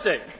Przewodniczący!